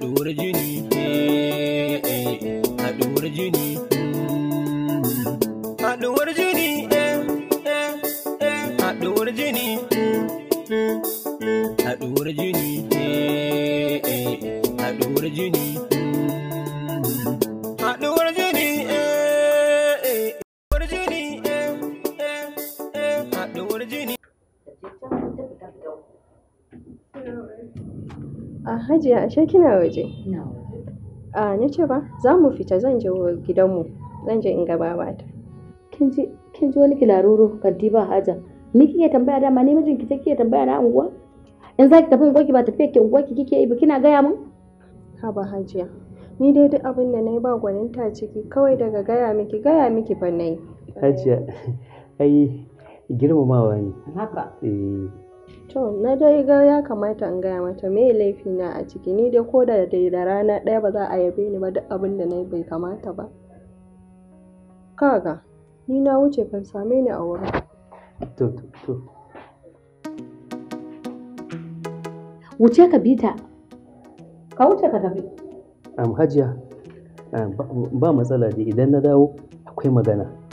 do what you need. kina waje? A na ce ba, za mu fita zan je gidanmu, zan je in ga babata. Kin ji wani kilaruru kanti ba haja. Ni kike tambaya dama ni mijin ki take tambaya na unguwa? In za ki tafi unguwa ki ba tafiya ki unguwa ki kike yi ba kina gaya mun? Ha ba hajiya. Ni dai duk abin da nayi ba gwaninta ciki kawai daga gaya miki gaya miki fa nayi. Hajiya ai girmamawa ne. Haka. Eh To, na dai ga ya kamata in gaya mata me laifina a ciki, ni dai ko da dai da rana ɗaya ba za a yabe ni ba duk abin da na yi bai kamata ba. Kaga, ni na wuce kan same ni a wurin. To, to, to. Wuce ka bi ta. Ka wuce ka tafi. Am hajiya, ba matsala dai idan na dawo akwai magana.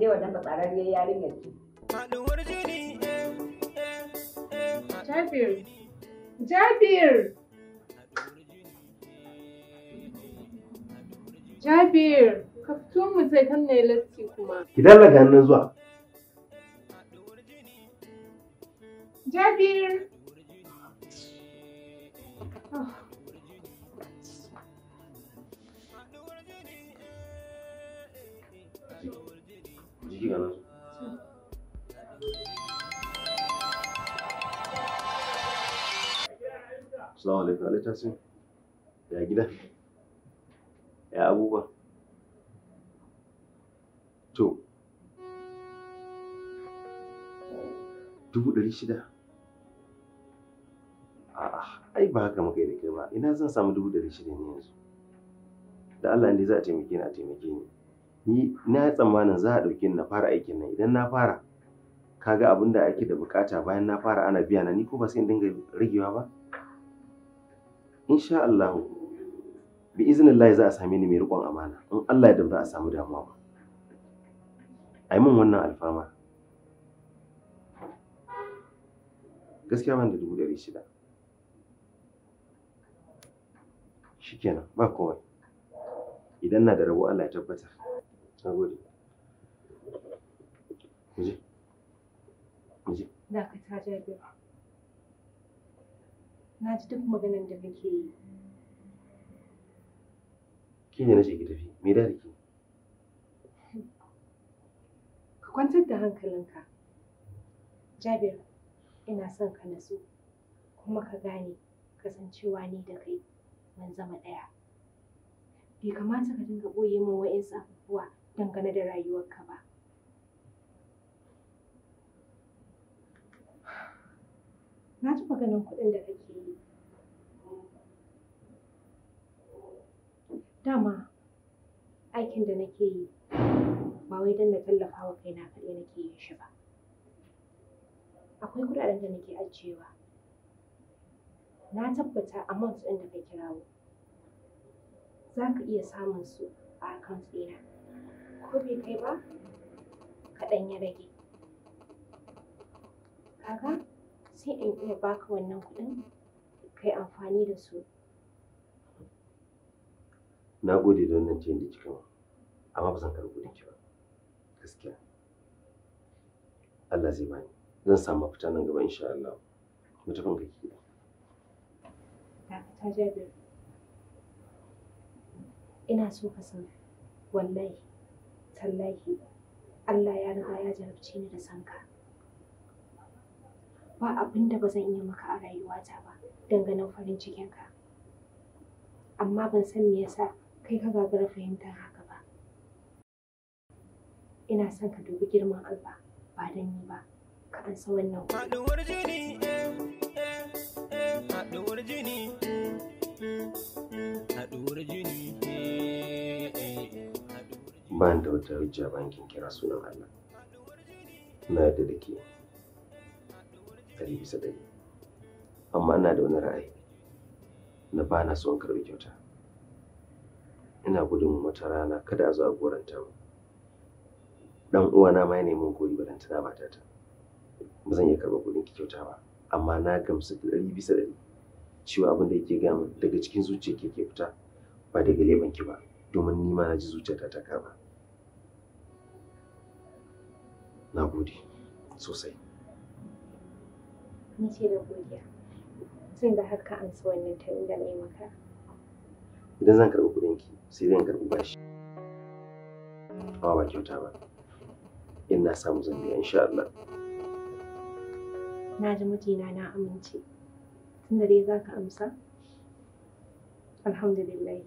dai wajen batsarariyar tsarar yayi Haɗuwar jini eh, eh, eh, Jabir Jabir Jabir ka fito mu zai kan ne latti kuma. Ki dallaga hannun zuwa. Jabir ciki ga nasu Assalamu alaikum ya gida ya abubuwa to dubu ɗari shida a'a ai ba haka muka yi da kai ba ina zan samu dubu ɗari shida ne yanzu da Allah ne za a taimake ni a taimake ni ni na tsammanin za a ɗauke ni na fara aikin nan idan na fara kaga abin da ake da bukata bayan na fara ana biya na ni ko ba sai in dinga ragewa ba insha Allah bi iznillahi za a same ni mai riƙon amana in Allah ya da za a samu damuwa ba ai min wannan alfarma gaskiya ban da dubu ɗari shida shikenan ba kowai, idan na da rabo Allah ya tabbatar Na gode. Muje. Muje. Da ka ta jabe. Na ji duk maganar da kake yi. Ki ne na ce ki tafi, me da ke? Ka kwantar da hankalinka. Jabir, ina son ka natsu kuma ka gane kasancewa ni da kai mun zama ɗaya. Bai kamata ka dinga ɓoye min wa'insu abubuwa game da rayuwarka ba na ci maganin kuɗin da kake yi dama aikin da nake yi ba wai don na tallafa wa kaina kaɗai nake yin shi ba akwai kuɗaɗen da nake ajiyewa na tabbata a amount ɗin da ka kirawo za ka iya samun su a akaunt ɗina ko bai kai ba kaɗan ya rage kaga sai in iya baka wannan kuɗin kai amfani da su na gode da wannan cikin da cikin amma ba zan karɓi kuɗin ki ba gaskiya Allah zai bani zan samu mafita nan gaba insha Allah mutumin ka ki ta jabe ina so ka san wallahi tallahi Allah ya riga ya jarabce ni da sanka ba abin da ba zan iya maka a rayuwata ba ganin farin cikinka amma ban san me yasa kai ka gagara fahimtar haka ba ina son ka dubi girman Allah ba dan ni ba ka ansa wannan jini eh, eh, eh, jini ba da wata hujja ba kin kira sunan Allah na yadda da ke ɗari bisa ɗari amma ina da wani ra'ayi na ba na son karɓi kyauta ina gudun wata rana kada a zo a goranta mu ɗan uwana ma ya nemi gori baran tana ba ba zan iya karɓar gudun ki kyauta ba amma na gamsu da ɗari bisa ɗari cewa abin da yake gaya daga cikin zuciyar ke fita ba daga leban ki ba domin ni ma na ji zuciyata ta kama na gode sosai na ce da godiya tun da haka an so wannan ta inda na yi maka idan zan karɓi ki sai zan karɓi bashi amma ba kyauta ba ina samu zan biya insha Allah na ji mijina na amince tunda dai zaka amsa alhamdulillah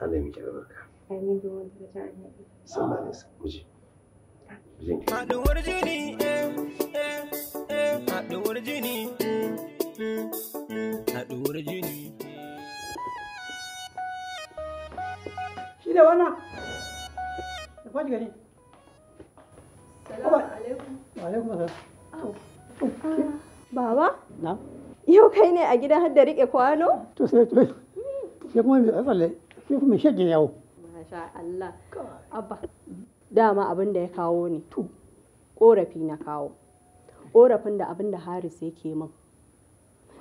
Allah ya miki albarka amin da wanda ta annabi sallallahu alaihi wasallam Eh, eh, eh, haɗuwar jini, haɗuwar jini, haɗuwar jini. Shi da wannan? Da kwaji gari. Salamu alaikum. alaikum ah, Baba? Na? Yau kai ne a gidan har da riƙe kwano? To sai to. Sai kuma mai tsalle, sai kuma mai shaggin Masha Allah. Abba. dama abin da ya kawo ni tu, ƙorafi na kawo korafin da abin da haris yake min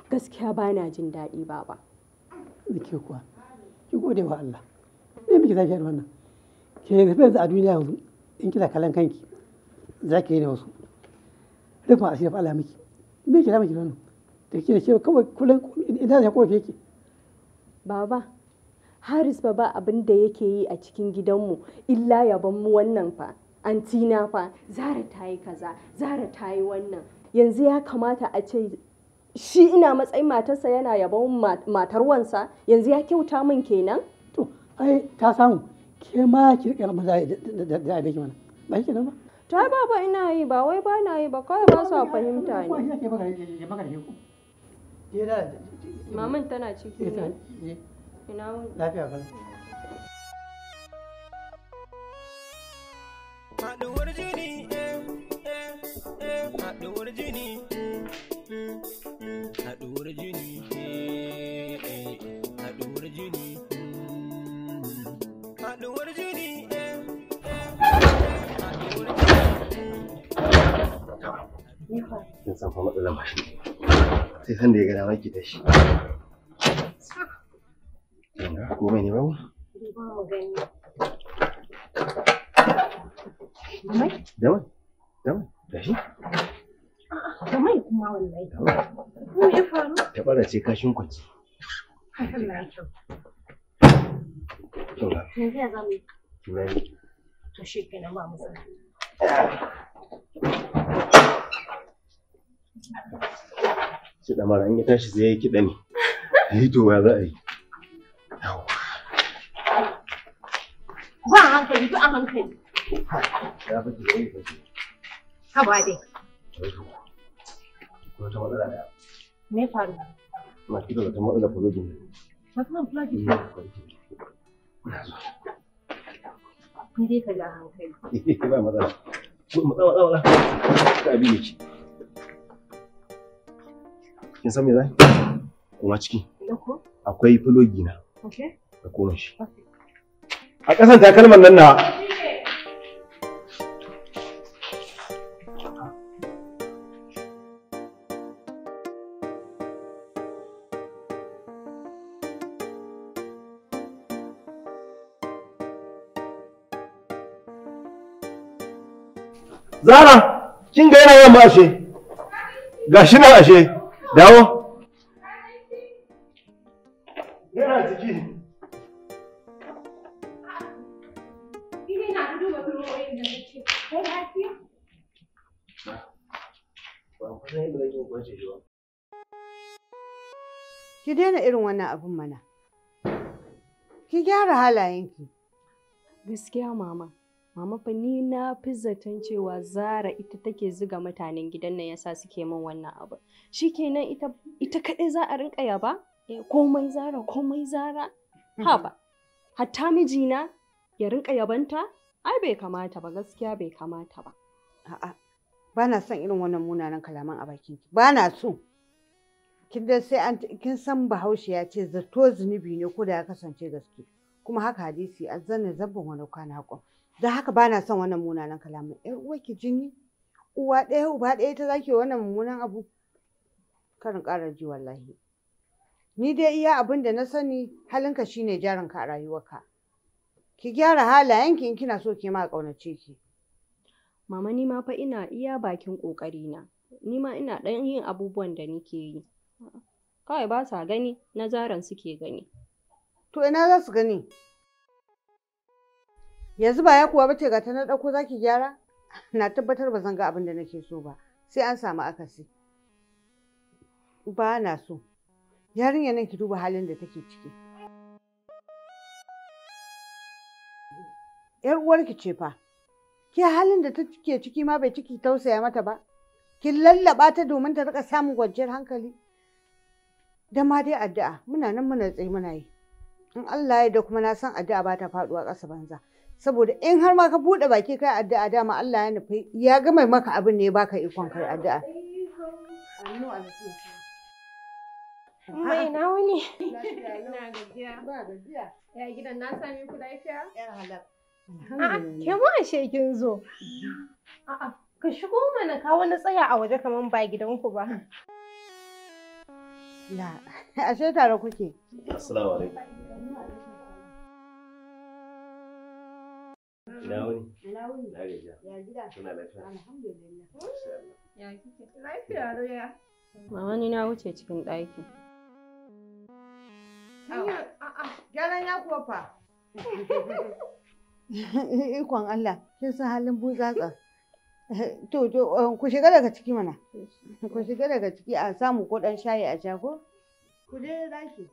gaskiya ba na jin daɗi baba ke kuwa ki gode wa Allah me muke da wannan ke yanzu a duniya yanzu in kina kalan kanki za ki yi da wasu rufin asiri fa Allah miki me ke da miki wannan da kike da ke kawai kullum idan ya ƙorafi yake baba haris ba ba abin da yake yi a cikin gidanmu illa yaban mu wannan fa antina fa zara ta yi kaza zara ta yi wannan yanzu ya kamata a ce shi ina matsayin matarsa yana yabon matar wansa yanzu ya kyauta min kenan to ai ta samu ke ma ki rika maza da abin mana ba shi ba ta baba ina yi ba wai ba na yi ba kawai ba su fahimta ne maman tana ciki ne ina wani lafiya kan haɗuwar san fa matsalar mashin. Sai san da ya gana maki da shi. komai ne babu Dawai, dawai, gashi. kuma wallahi. ya faru? Ta bara ce kashin kwanci. ya Yanzu ya ba mu sani. ya tashi ya yi kiɗa ne. to ya za a yi. duk a hankali ya fi ka ba dai wata matsala da me faru ma kika da matsala fulogin ne ni dai ka hankali ba matsala kin san me zai kuma ciki akwai fulogi na koma shi a ƙasan takalman nan na Zara, kin ga yana yamma ashe, ga shi na ashe, dawo. ki daina irin wannan abin mana ki gyara halayenki gaskiya mama mama fa ni na fi zaton cewa zara ita take ziga mutanen gidan nan yasa suke min wannan abu shikenan ita ita kadai za a rinka yaba eh, komai zara komai zara mm-hmm. haba hatta mijina ya rinka yabanta ai bai kamata ba gaskiya bai kamata ba a'a ba na son irin wannan munanan kalaman a bakin ki ba na so kin dai sai an kin san bahaushe ya ce zato zunubi ne ko da ya kasance gaske kuma haka hadisi a zanna zabban wani kwana hakon don haka ba na son wannan munanan kalaman ƴar uwa ki jini uwa ɗaya uba ɗaya ta zaki wannan mummunan abu karin ƙarar ji wallahi ni dai iya abin da na sani halinka shine jarinka a rayuwarka Ki gyara halayenki in kina so ki ma a ƙaunace ki. Mama ni ma fa ina iya bakin ƙoƙari na. Ni ma ina ɗan yin abubuwan da nike yi. Kawai ba sa gani, nazaran suke gani. To ina za su gani? Yanzu ba ya kuwa ba ce ga ta na ɗauko za ki gyara? Na tabbatar ba zan ga abin da nake so ba. Sai an samu akasi. Ba na so. Yarinyar nan ki duba halin da take ciki. ‘yar uwarki ce fa, ke halin da ta ke ciki ma bai ciki tausaya mata ba, ki lallaba ta domin ta rika samun kwanciyar hankali. Da ma dai addu'a muna nan muna tsaye muna yi. In Allah ya da kuma na san addu'a ba ta faɗuwa ƙasa banza. Saboda in har ma ka buɗe baki kai addu'a dama Allah ya nufi ya gama maka abin ne baka ikon kai addu'a. Mai na Ina gajiya. Ba gajiya. Ya gidan na sami ku lafiya? Ya A'a, ke mu ashe kin zo. ka shigo mana ka wani tsaya a waje kamar ba gidanku ba. Na, ashe tare kuke. Assalamu Na Ya gida. na wuce cikin ɗaki. Ya gyaran ya kuwa fa. Ikon Allah, kin san halin butsatsa. To, to, um, ku shiga daga ciki mana. Ku shiga daga ciki a samu ko ɗan shayi a shago. Ku je daki.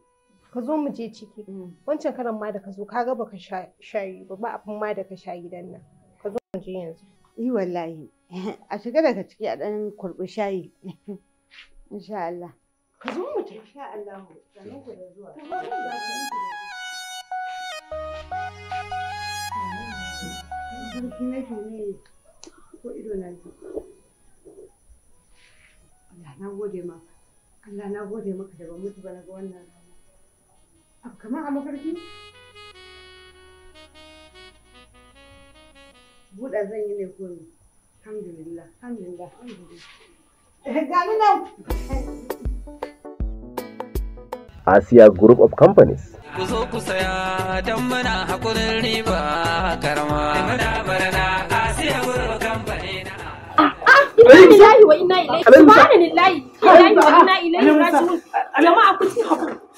Ka zo mu je ciki. Mm. Wancan karan ma da ka zo, ka ga baka shayi ba, ba abin ma da ka sha gidan nan. Ka zo mu je yanzu. Yi wallahi. A shiga daga ciki a ɗan kurɓi shayi. Insha Allah. Ka zo mu tafi. Insha Allah. Ku zo mu tafi. sarki nake ne ko ido na ji Allah na gode maka Allah na gode maka da ban mutu ba na ga wannan rana abu kamar a mafarki buɗa zan yi ne ko ne alhamdulillah alhamdulillah alhamdulillah eh, ga nan Asia Group of Companies. Ku zo ku saya don muna hakurin riba karama. Muna Asia Group of Companies. wa wa Jama'a ku ci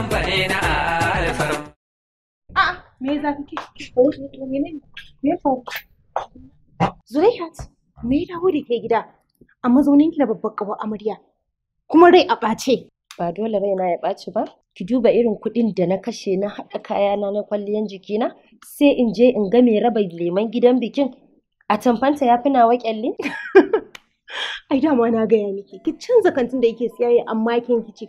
tambare na alfar. A me za ki me Zulaihat, me ya dawo da ke gida a mazauninki na babbar kawo amarya kuma rai a ɓace. Ba dole raina ya ɓaci ba, ki duba irin kuɗin da na kashe na haɗa kayana na kwalliyan jikina sai in je in ga mai raba leman gidan bikin a tamfanta ya fi nawa kyalli? Ai dama na gaya miki, ki canza kantin da yake siyaye amma kin kici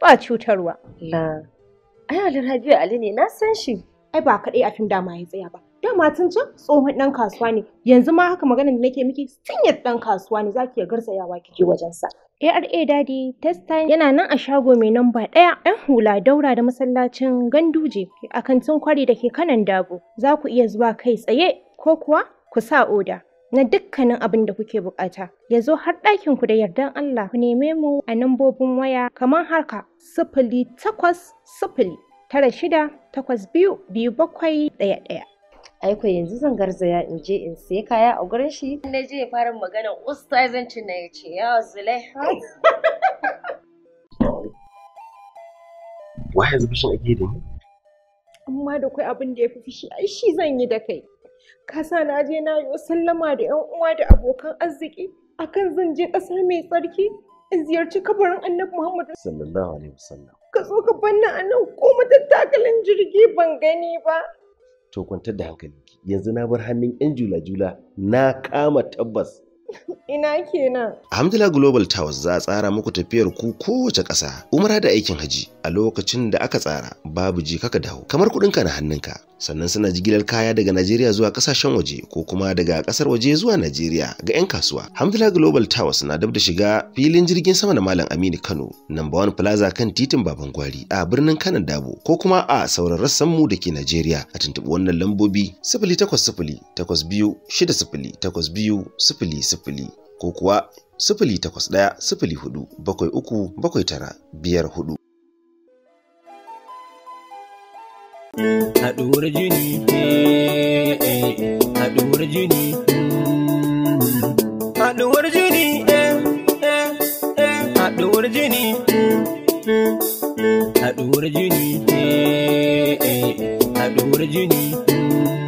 ba cutarwa. La, ai Ali ne na san shi. Ai ba kaɗai a fim dama ya tsaya ba. Dama tun can tsohon ɗan kasuwa ne, yanzu ma haka maganar da nake miki sinyar ɗan kasuwa ne za ki iya garzayawa kiki wajensa. ARA Daddy test time yana nan a shago mai namba ɗaya ‘yan hula daura da masallacin ganduje a kantin kwari da ke kanan dago. Za ku iya zuwa kai tsaye ko kuwa ku sa oda. na dukkanin abin da kuke bukata. Ya zo har ɗakin ku da yardan Allah ku neme mu a nambobin waya kamar harka sifili takwas sifili tara shida takwas biyu biyu bakwai ɗaya ɗaya. Aiko yanzu zan garzaya in je in sai kaya a gurin shi. Na je fara magana na ya ce yawa zulai. Wa yanzu fushin ake da ni? Amma da kai abin da ya fi fushi ai shi zan yi da kai. kasa na je na yi sallama da yan uwa da abokan arziki akan zan je ƙasa mai tsarki in ziyarci kabarin annabi Muhammadu sallallahu alaihi wasallam ka zo ka banna a nan ko matattakalin jirgi ban gani ba to kwantar da hankali, yanzu na bar hannun yan jula-jula na kama tabbas Ina kenan. Alhamdulillah Global Towers za a tsara muku tafiyar ku kowace ƙasa, umara da aikin haji a lokacin da aka tsara babu ji kaka dawo. Kamar kuɗinka na hannunka, sannan suna jigilar kaya daga Najeriya zuwa ƙasashen waje ko kuma daga ƙasar waje zuwa Najeriya ga 'yan kasuwa. Alhamdulillah Global Towers na dab da shiga filin jirgin sama na Malam Aminu Kano, Number One Plaza kan titin Baban Gwari a birnin Kano Dabo ko kuma a sauran rassan mu da ke Najeriya. A tuntuɓi wannan lambobi sifili takwas sifili takwas biyu sifili. sifili ko kuwa sifili takwas ɗaya sifili hudu bakwai uku bakwai tara biyar hudu. Eh, eh, haɗuwar jini, haɗuwar jini, eh, haɗuwar jini, haɗuwar jini, haɗuwar jini, haɗuwar jini.